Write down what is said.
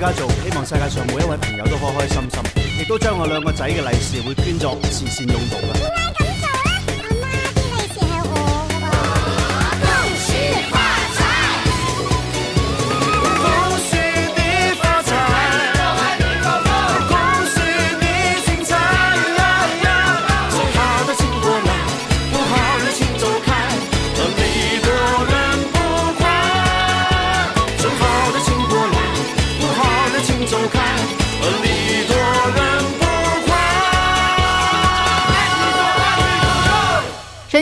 家做，希望世界上每一位朋友都開開心心，亦都將我兩個仔嘅利是會捐作慈善用途嘅。